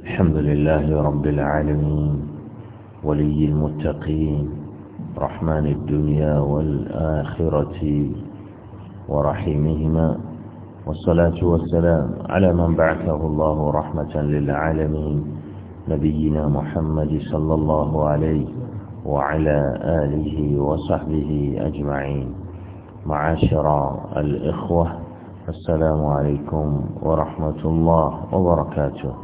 الحمد لله رب العالمين ولي المتقين رحمن الدنيا والآخرة ورحيمهما والصلاة والسلام على من بعثه الله رحمة للعالمين نبينا محمد صلى الله عليه وعلى آله وصحبه أجمعين معاشر الإخوة السلام عليكم ورحمة الله وبركاته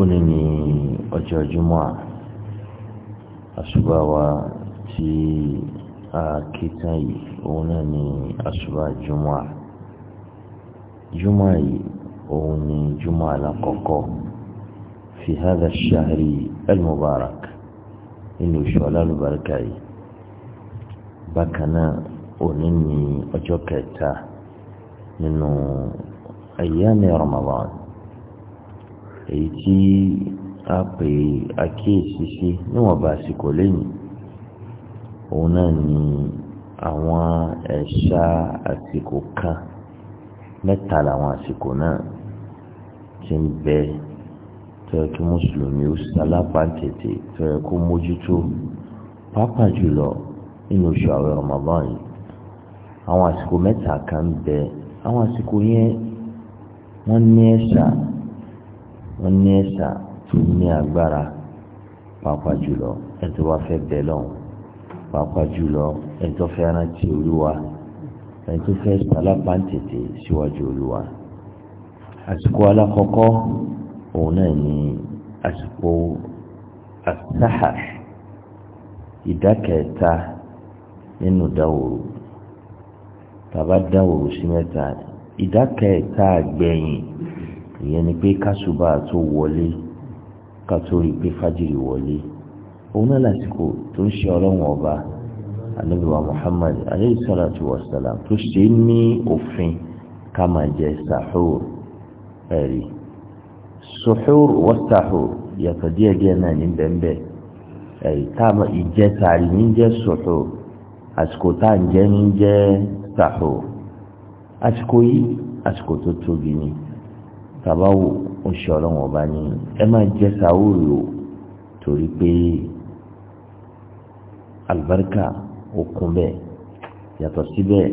òní ni ọjọ́ jùmọ̀ àṣùbà wa tí a kí tán yìí òun náà ni àṣùbà jùmọ̀ jùmọ̀ yìí òun ni jùmọ̀ alákọ̀ọ́kọ́ fi hádà ṣáhárì al-mubarak nínú ìṣọ̀lá lùbáríkà yìí bákan òní ní ọjọ́ kẹta nínú ayyami Ramadan èyí tí a pè àkíyèsí sí níwọ̀nba àsìkò lẹ́yìn òun náà ni àwọn ẹ̀ṣá àsìkò kan mẹ́ta làwọn àsìkò náà ti ń bẹ tó yẹ kí mùsùlùmí ó sálábàtètè tó yẹ kó mójútó pàápàá jùlọ nínú oṣù àwẹ̀ Ramadan yìí àwọn àsìkò mẹ́ta kan bẹ àwọn àsìkò yẹn wọ́n ní ẹ̀sà wọ́n ní ẹ̀sà tó ní agbára pàápàá jùlọ ẹni tó wá fẹ́ bẹ lọ́hùn pàápàá jùlọ ẹni fẹ́ rántí olúwa ẹni fẹ́ sálápá síwájú olúwa àsìkò alákọ̀ọ́kọ́ òun náà ní àsìkò asáhà ìdákẹ́ta nínú dáwòrò. tàbá dánwò taa mẹ́ta ìdákẹ́ẹ̀ta àgbẹ̀yìn ìyẹn ni pé kásùbà tó wọlé ká rí fajiri pé fájìrì wọlé òun náà lásìkò tó ń ṣe ọlọ́run ọba anabiwa muhammad aleyhi salatu wa salam tó ṣe ní òfin ká jẹ sahur ẹ̀rí sahur wa sahur yàtọ̀ díẹ̀díẹ̀ náà ní bẹ́ẹ̀ ẹ̀rí táàmù ìjẹta rí ní jẹ́ sahur àsìkò ń jẹ́ ní jẹ́ sàhó àsìkò yìí àsìkò tó tóbi ni tàbá wò oṣù ọlọ́run ọba ni ẹ máa jẹ sàhóòrì o torí pé àlùbáríkà òkun bẹ́ẹ̀ yàtọ̀ síbẹ̀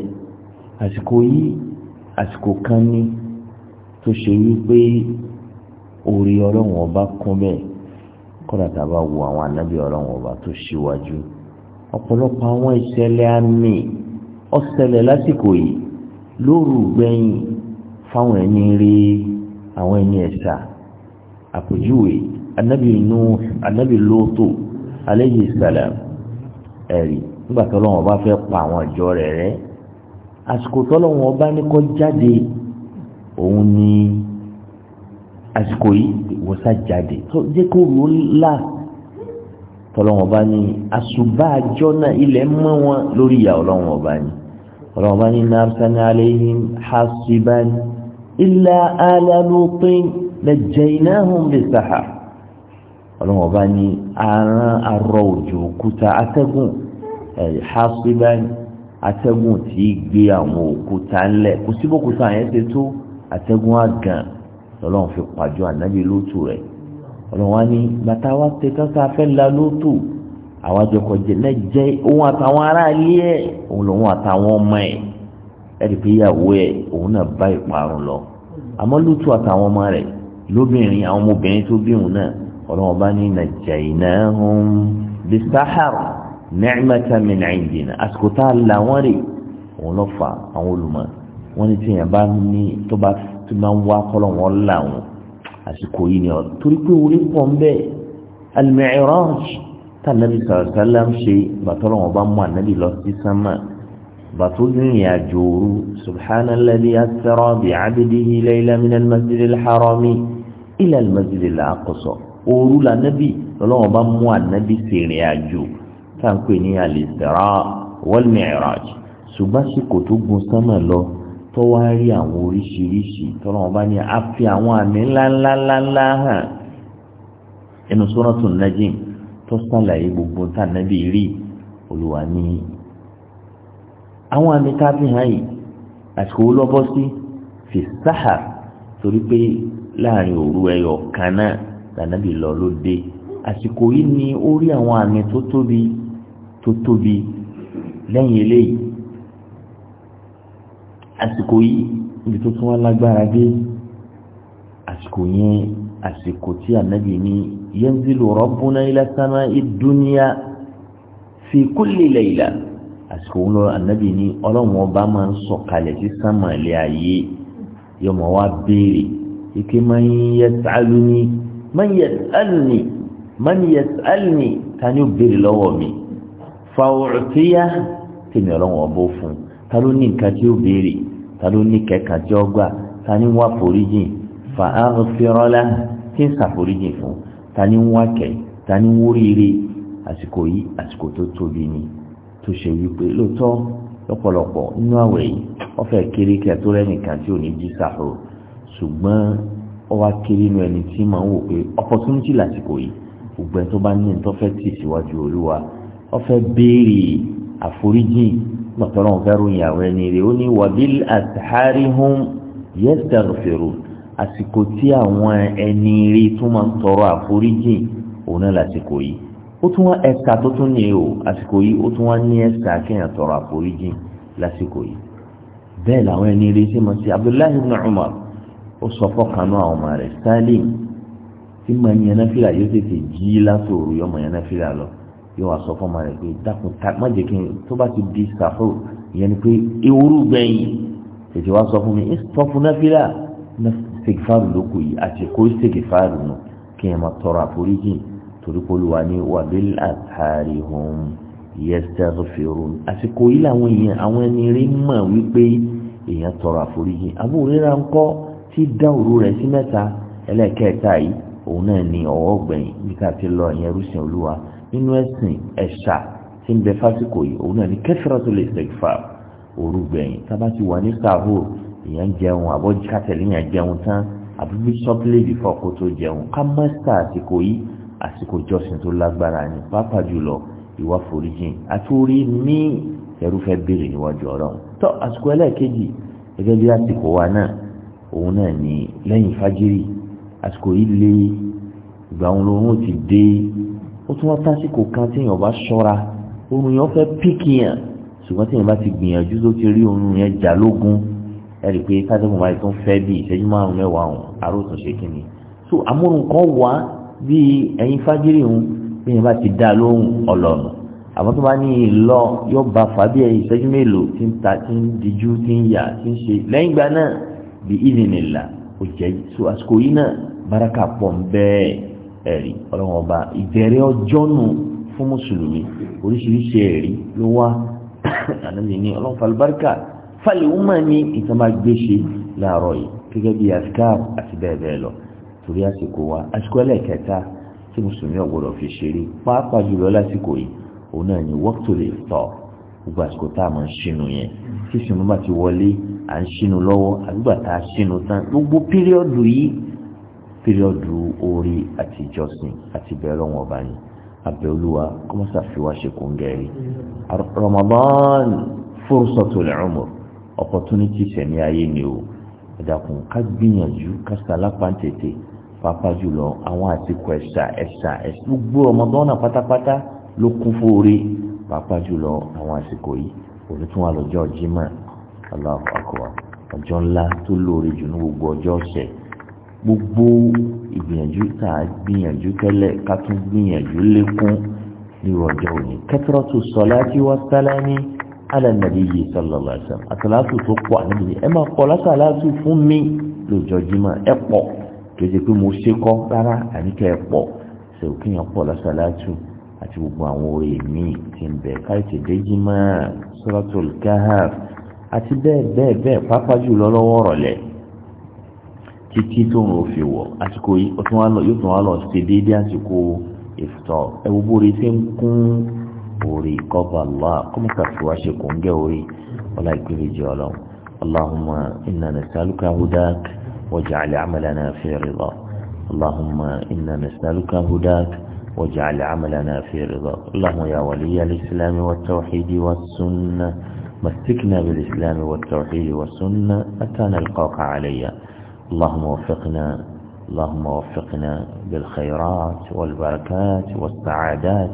àsìkò yìí àsìkò kan ní tó ṣe wípé orí ọlọ́run ọba kún bẹ́ẹ̀ kọ́dà tàbá àwọn ànábì ọlọ́run ọba tó ṣíwájú ọ̀pọ̀lọpọ̀ àwọn ìṣẹ̀lẹ̀ àmì ọ̀sẹ̀lẹ̀ lásìkò yìí lóru gbẹ̀yìn fáwọn ẹni rí àwọn ẹni ẹ̀sà àpèjúwe anabi nuh anabi lóòtò aleyhi salam ẹ̀rí nígbà tó lọ́wọ́ bá fẹ́ pa àwọn ìjọ rẹ̀ rẹ́ àsìkò tó lọ́wọ́ bá ní kó jáde òun ni àsìkò yìí wọ́sà jáde tó jẹ́ kó rú là tọ́lọ́wọ́ bá ní àṣùbà àjọ náà ilẹ̀ mọ́ wọn lórí ìyá ọlọ́wọ́ bá ní ọlọ́mọ ní nàbsán aléhìn hasiban ilà alálùpín lẹ́jẹ̀ iná hùn bí sàhà ọlọ́mọ bá ní aràn arọ òjò òkúta atẹ́gùn hasiban atẹ́gùn tí í gbé àwọn òkúta ńlẹ̀ kò síbòkúta yẹn ti tó atẹ́gùn àgàn lọ́lọ́run fi pàjọ ànábì lótú rẹ̀ ọlọ́wọ́n á ní bàtà wa tẹ kásá fẹ́ la lótú àwọn àjọkọ jẹlẹ jẹ òun àtàwọn aráàlú ẹ òun lòun àtàwọn ọmọ ẹ ẹni pé ìyàwó ẹ òun náà bá ìparun lọ àmọ́ lùtù àtàwọn ọmọ rẹ lóbìnrin àwọn ọmọbìnrin tó bí òun náà ọlọ́wọ́n bá ní najaynahum bisahar ni'matan min 'indina àsìkò tá a là wọ́n rè òun lọ fà àwọn olùmọ̀ wọ́n ní tíyẹn bá ní tó bá tó máa ń wá kọ́lọ̀ wọn là àsìkò yìí ni ọ̀ torí pé orí pọ̀ ń bẹ́ẹ̀ tànàbí sàrọ̀sálàm ṣe bàtọ́rọ̀ wọn bá mú ànábì lọ sí sánmà bàtó rìnrìn àjò òru subhanalladhi asra bi abdihi layla minal masjidil harami ilal masjidil aqsa òru lànàbì lọ́wọ́n bá mú ànábì sèrìn àjò táǹpẹ̀ ní al-isra wal mi'raj ṣùgbọ́n síkò tó gun sánmà lọ tó wá àwọn oríṣiríṣi tọ́lọ́wọ́n bá ní a àwọn àmì ńláńláńláńlá hàn inú Suratul Najm tó sàlàyé gbogbo tànàbí rí olùwà ní àwọn àmì tábí hàn yìí àsìkò lọ́bọ́ sí fi sáhà torí pé láàrin òru ẹyọ kan náà tànàbí lọ ló dé àsìkò yìí ni ó rí àwọn àmì tó tóbi tó tóbi lẹ́yìn eléyìí àsìkò yìí ibi tó tún wá lágbára dé àsìkò yẹn àsìkò tí ànábì ní yanzilu rabbuna ila sama'id dunya fi kulli layla àsìkò wọn lọ ànábì ní ọlọ́run ọba máa ń sọ̀kalẹ̀ sí sánmà ilé ayé yọmọ wa béèrè ike man yas'aluni man yas'aluni man yas'aluni tani ó béèrè lọ́wọ́ mi fàwùrùtíyà tèmi ọlọ́run ọba fún ta ló ní nǹkan tí ó béèrè ta ló ní kẹ̀kẹ́ tí ó gbà ta wà foríjìn fa aghfirala kí n ṣàforíjì fún ta ni ń wá kẹ́ ta ni ń wóríire àsìkò yìí àsìkò tó tóbi ni tó ṣe wípé lóòótọ́ lọ́pọ̀lọpọ̀ nínú àwẹ̀ yìí wọ́n fẹ́ kéré kí ẹ tó rẹ́ nìkan tí ò ní jí sàrò ṣùgbọ́n ó wá kéré inú ẹni tí màá wò pé opportunity lásìkò yìí gbogbo tó bá ní tó fẹ́ tì síwájú olúwa ó fẹ́ béèrè àforíjì gbọ̀tọ́rọ̀ fẹ́ ròyìn àwọn ẹni rẹ̀ ó ní wàbíl àtàrí hum yastaghfirun àsìkò tí àwọn ẹni rí tún máa ń tọrọ àforíjì òun náà lásìkò yìí ó tún wá ẹ̀ka tó tún ní o àsìkò yìí ó tún wá ní ẹ̀ka kéèyàn tọrọ àforíjì lásìkò yìí bẹ́ẹ̀ làwọn ẹni rí sí mọ̀ sí Abdullahi ibn Umar ó sọ fọ́kànú àwọn ọmọ rẹ̀ Salim tí màá yan náfìlà yóò tètè jí látòrò yọmọ yan náfìlà lọ yóò wá sọ fọ́mọ rẹ̀ pé dákun ká má jẹ́ kí n tó bá ti di sàfò ìyẹn ni pé ewúrú gbẹ̀yìn tètè wá sọ fún mi ìsọfún istighfar lóko yìí àsìkò istighfar nù kí ẹ máa tọrọ àforíjì torí pé olúwa ní wàbíl àtàrí hum yastaghfirun àsìkò yìí làwọn èèyàn àwọn ẹni rí mọ̀ wípé èèyàn tọrọ àforíjì àbúrò rírà ń kọ́ tí dá òru rẹ̀ sí mẹ́ta ẹlẹ́kẹ̀ẹ́ta yìí òun náà ni ọ̀wọ́ gbẹ̀yìn nígbà tí lọ ìyẹn rúṣin olúwa nínú ẹ̀sìn ẹ̀ṣà tí ń bẹ fásitì yìí òun náà ni kẹfìrọ́tò lè ṣègbà òru gbẹ̀yìn tábà ti wà ní sàhóò èèyàn jẹun àbọ̀ kátẹ̀lé yẹn jẹun tán àbúrú sọ́pìlẹ̀dì fún ọkọ̀ tó jẹun ká mọ́sítà àsìkò yìí àsìkò jọ́sìn tó lágbára ni pàápàá jùlọ ìwà foríjìn àtúrí ní ẹrú fẹ́ béèrè níwájú ọlọ́run tó àsìkò ẹlẹ́ẹ̀kejì gẹ́gẹ́ bí àsìkò wa náà òun náà ní lẹ́yìn fájírì àsìkò yìí lé ìgbà òun lòun ti dé ó tún wá tásìkò kan téèyàn bá ṣọ́ra oorun yẹn fẹ́ píkìyàn ṣùgbọ́n téèyàn bá ti gbìyànjú tó ti rí oorun yẹn jà lógun ẹ̀rí pé kádẹ́mù báyìí tó ń fẹ́ bí ìṣẹ́jú márùn mẹ́wàá ọ̀hún àròtún ṣe kí ni so amóhun kan wá bí ẹ̀yin fájírì ń bí yẹn bá ti dá lóhùn ọlọ́nà àmọ́ tó bá ní lọ yóò bá fàbí ẹ̀yìn ìṣẹ́jú mélòó tí ń ta tí ń dijú tí ń yà tí ń ṣe lẹ́yìn ìgbà náà bí ìdìnnìlà ò jẹ́ so àsìkò yìí náà baraka pọ̀ ń bẹ́ẹ̀ ẹ̀rí ọlọ́run ọba ìbẹ̀rẹ̀ ọjọ́ nù fún mùsùlùmí oríṣiríṣi ẹ̀rí ló fàlẹ̀ ọmọ ní ìtàn máa gbé ṣe láàárọ̀ yìí gẹ́gẹ́ bí askar àti bẹ́ẹ̀ bẹ́ẹ̀ lọ torí àsìkò wa àsìkò ẹlẹ́kẹta tí mùsùlùmí ọ̀gbọ́dọ̀ fi ṣeré pàápàá jùlọ lásìkò yìí òun náà ni wọ́pútò lè tọ̀ gbogbo àsìkò tá a máa ń ṣinu yẹn tí sinmi bá ti wọlé à ń ṣinu lọ́wọ́ àgbà tá a ṣinu tán gbogbo píríọ̀dù yìí píríọ̀dù orí àti ìjọsìn àti bẹ́ẹ̀ lọ́wọ́ ọba ni abẹ́ olúwa kọ́mọ́sà fi wá ṣe kóńgẹ́rì Ramadan fúrúsọ̀tò lẹ́rùmọ̀ opportunity sẹ̀mí ayé ni o ẹ̀dàkùn ká gbìyànjú ká sàlápá tètè pàápàá jùlọ àwọn àsìkò ẹ̀sà ẹ̀sà ẹ̀sà gbogbo ọmọdọ́nà pátápátá ló kún fóore pàápàá jùlọ àwọn àsìkò yìí òní tún wà lọ́jọ́ jimá Allahu akbar ọjọ́ ńlá tó lóore jù ní gbogbo ọjọ́ ọ̀sẹ̀ gbogbo ìgbìyànjú tá a gbìyànjú tẹ́lẹ̀ ká tún gbìyànjú lékún ní ọjọ́ òní kẹtọ́rọ́tù sọ̀lá tí wọ́n sálẹ́ ní. على النبي صلى الله عليه وسلم أتلاتو تقوى النبي إما قولا تلاتو فمي لجوجما إقوى كذي كي موسيقى رارا أني كإقوى سيوكين يقولا تلاتو àti gbogbo àwọn orí mi ti ń bẹ káyọ̀tì déjìmá suratul kahf àti bẹ́ẹ̀ bẹ́ẹ̀ bẹ́ẹ̀ pápá jùlọ lọ́wọ́ rọ̀lẹ́ títí tó ń ro fi orí kọ́bà lọ́wọ́ kọ́mọ́tà tí wàá ṣe kún gẹ́ orí ọlá jẹ́ ọlọ́run اللهم إنا نسألك هداك واجعل عملنا في رضاك اللهم إنا نسألك هداك واجعل عملنا في رضاك اللهم يا ولي الإسلام والتوحيد والسنة مسكنا بالإسلام والتوحيد والسنة اتانا نلقاك عليّ اللهم وفقنا اللهم وفقنا بالخيرات والبركات والسعادات